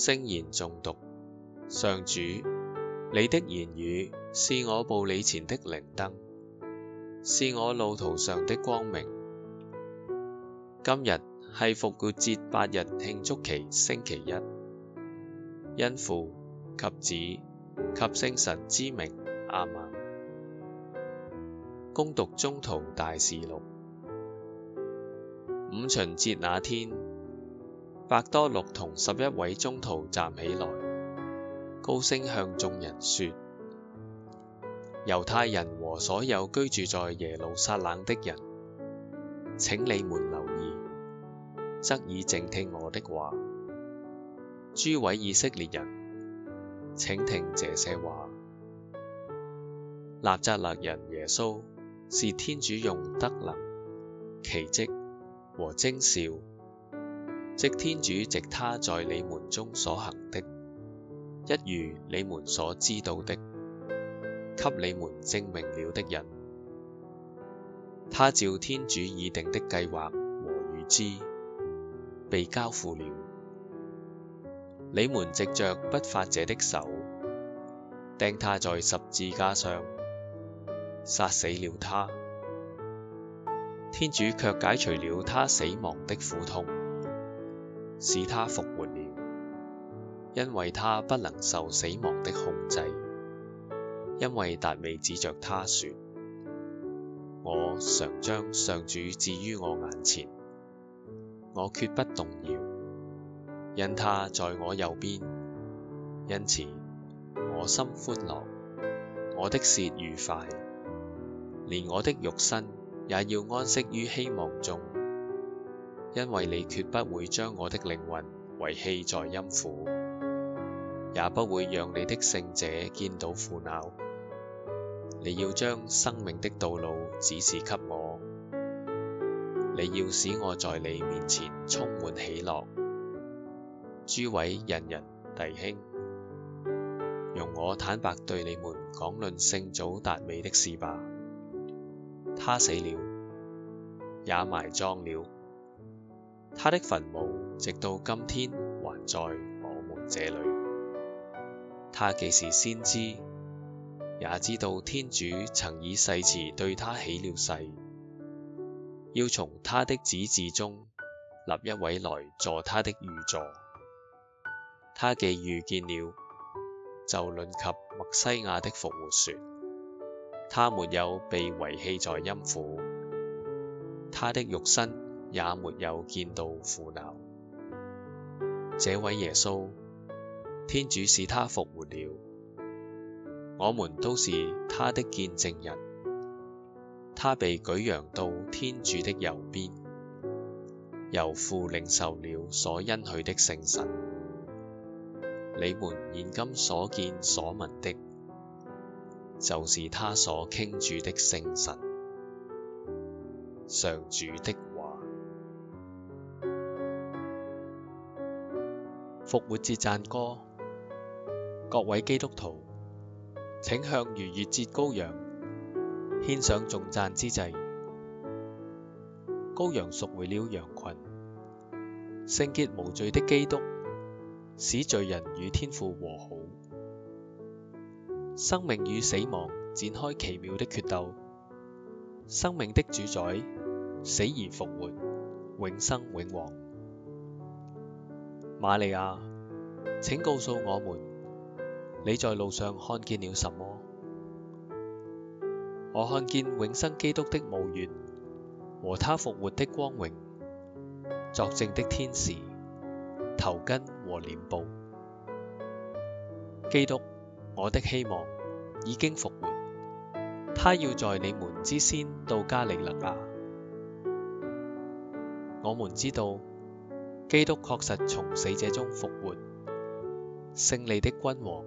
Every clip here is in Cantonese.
聖言誦讀。上主，你的言語是我步履前的靈燈，是我路途上的光明。今日係復活節八日慶祝期星期一，因父及子及聖神之名，亞孟。恭讀宗徒大事錄，五旬節那天。伯多祿同十一位宗徒站起來，高聲向眾人說：猶太人和所有居住在耶路撒冷的人，請你們留意，側耳靜聽我的話。諸位以色列人，請聽這些話：納匝肋人耶穌是天主用德能、奇蹟和徵兆。即天主藉他在你們中所行的，一如你們所知道的，給你們證明了的人，他照天主已定的計劃和預知，被交付了。你們藉着不法者的手，釘他在十字架上，殺死了他。天主卻解除了他死亡的苦痛。使他復活了，因為他不能受死亡的控制，因為達味指著他説：「我常將上主置於我眼前，我決不動搖，因他在我右邊，因此我心歡樂，我的舌愉快，連我的肉身也要安息於希望中。因為你決不會將我的靈魂遺棄在陰府，也不會讓你的聖者見到腐朽。你要將生命的道路指示給我，你要使我在你面前充滿喜樂。諸位仁人弟兄，容我坦白對你們講論聖祖達味的事吧。他死了，也埋葬了。他的墳墓直到今天還在我們這裏。他既是先知，也知道天主曾以誓詞對他起了誓，要從他的子嗣中立一位來坐他的御座。他既預見了就論及默西亞的復活說，他沒有被遺棄在陰府，他的肉身。也沒有見到腐朽。這位耶穌，天主使他復活了。我們都是他的見證人。他被舉揚到天主的右邊，由父領受了所恩許的聖神。你們現今所見所聞的，就是他所傾注的聖神。上主的。復活節讚歌，各位基督徒，請向逾越節羔羊獻上頌讚之祭。羔羊贖回了羊群，聖潔無罪的基督使罪人與天父和好。生命與死亡展開奇妙的決鬥，生命的主宰死而復活，永生永王。瑪利亞，請告訴我們，你在路上看見了什麼？我看見永生基督的墓穴和他復活的光榮，作證的天使、頭巾和殮布。基督，我的希望已經復活，他要在你們之先到加里肋亞。我們知道。基督確實從死者中復活，勝利的君王，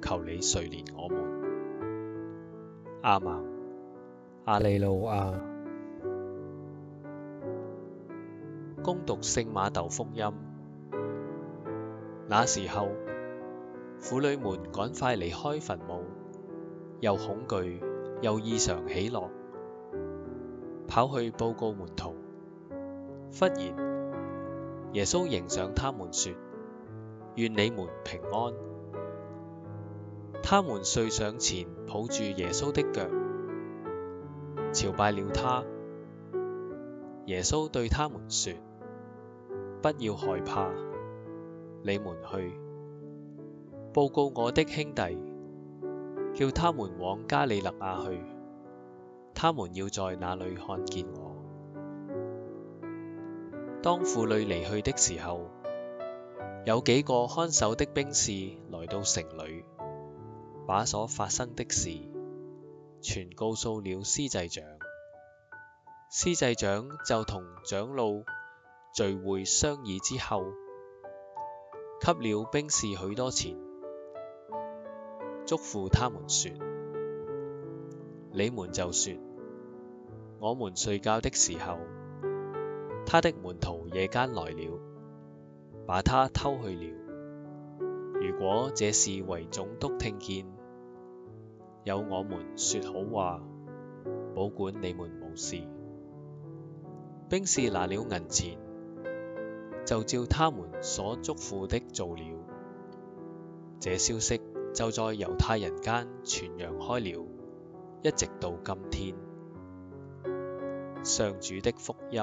求你垂憐我們。亞孟，亞肋路亞。恭讀聖瑪竇福音，那時候，婦女們趕快離開墳墓，又恐懼又異常喜樂，跑去報告門徒。忽然。耶穌迎上他們，說：願你們平安。他們遂上前，抱住耶穌的腳，朝拜了他。耶穌對他們說：不要害怕，你們去報告我的兄弟，叫他們往加里肋亞去，他們要在那裏看見我。當婦女離去的時候，有幾個看守的兵士來到城裏，把所發生的事全告訴了司祭長。司祭長就同長老聚會商議之後，給了兵士許多錢，囑咐他們說：你們就說，我們睡覺的時候。他的門徒夜間來了，把他偷去了。如果這事為總督聽見，有我們説好話，保管你們冇事。兵士拿了銀錢，就照他們所囑咐的做了。這消息就在猶太人間傳揚開了，一直到今天。上主的福音。